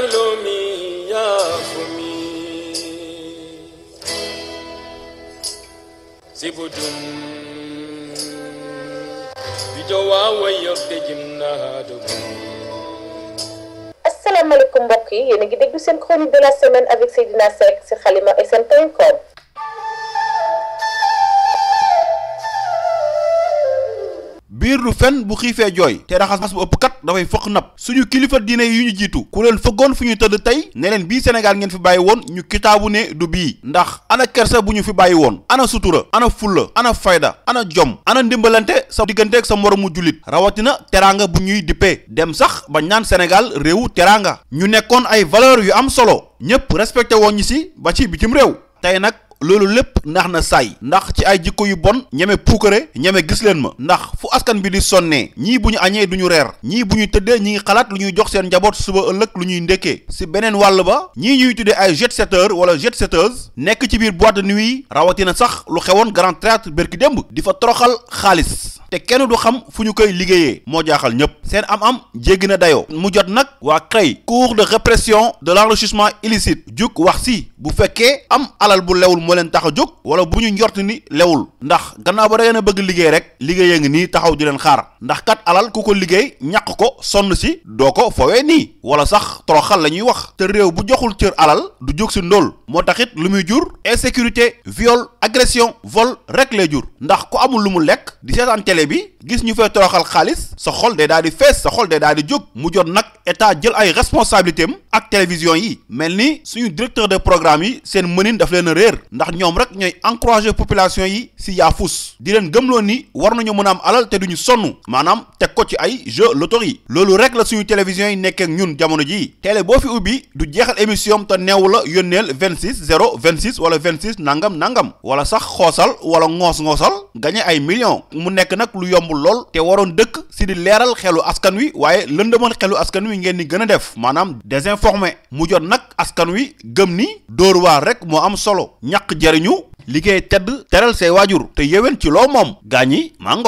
mi yá fún mi. Zibudum bijowa wayo dejim na dugum. asalaamaaleykum mbokk yi yéen a ngi déglu seen chronique de la semaine avec Seydina Seck si xalima SN point com liir du fen bu xiifee jooy te raxas bu ëpp kat dafay fëq napp suñu kilifa diine yi ñu jiitu ku leen fëggoon fu ñu tëdd tey ne leen bii Sénégal ngeen fi bàyyi woon ñu kitaabu ne du bii ndax ana kersa bu ñu fi bàyyi woon ana sutura ana fulla ana fayda ana jom ana ndimbalante sa digganteek sa moromu jullit rawatina teraanga bu ñuy dippee dem sax ba ñaan Sénégal réewu teraanga ñu nekkoon ay valeur yu am solo ñëpp respecté woon ñi si ba ci bitim réew tey nag loolu lépp ndax na saay ndax ci ay jikko yu bon ñeme puukare ñeme gis leen ma ndax fu askan bi di sonnee ñii bu ñu añee du ñu reer ñii bu ñuy tëddee ñi ngi xalaat lu ñuy jox seen njaboot suba ëllëg lu ñuy ndékkee si beneen wàll ba ñii ñuy tuddee ay jet setteurs wala jet setteuses nekk ci biir boîte de nuit rawatina sax lu xewoon grand théâtre bërki démb di fa toroxal xaalis te kenn du xam fu ñu koy liggéeyee moo jaaxal ñëpp seen am-am jéggi na mu jot nag waa CREI cour de répression de l'enrichissement illicite jug wax si bu fekkee am alal bu lewul moo leen tax a jóg wala bu ñu njort ni lewul ndax gannaaw ba da ngeen a bëgg liggéey rek liggéeyee ngi nii taxaw di leen xaar ndax kat alal ku ko liggéey ñàq ko sonn si doo ko fowee nii wala sax toroxal la ñuy wax te réew bu joxul cër alal du jóg si ndóol moo taxit lu muy jur insécurité viol agression vol rek lay jur ndax ku amul lu mu lekk di seetaan télé télé bi gis ñu fay toroxal xaalis sa xol de daal di fees sa xol de daal di jóg mu jot nag état jël ay responsabilité am ak télévision yi mel ni suñu directeur de programme yi seen mënin daf leen a réer ndax ñoom rek ñooy encourager population yi si yaafus di leen gëmloo ni war nañu mën am alal te duñu sonn maanaam teg ko ci ay jeu loterie yi loolu rek la suñu télévision yi nekkeek ñun jamono jii télé boo fi ubbi du jeexal émission am te neew la yónneel 26 0 26 wala 26 nangam nangam wala sax xoosal wala ngoos ngoosal lu yombul lool te waroon dëkk si di leeral xelu askan wi waaye lëndëmal xelu askan wi ngeen ni gën a def maanaam désinformé mu jot nag askan wi gëm ni dóor waar rek moo am solo ñàq jariñu liggéey tedd teral say waajur te yéwén ci loo moom gaañi maa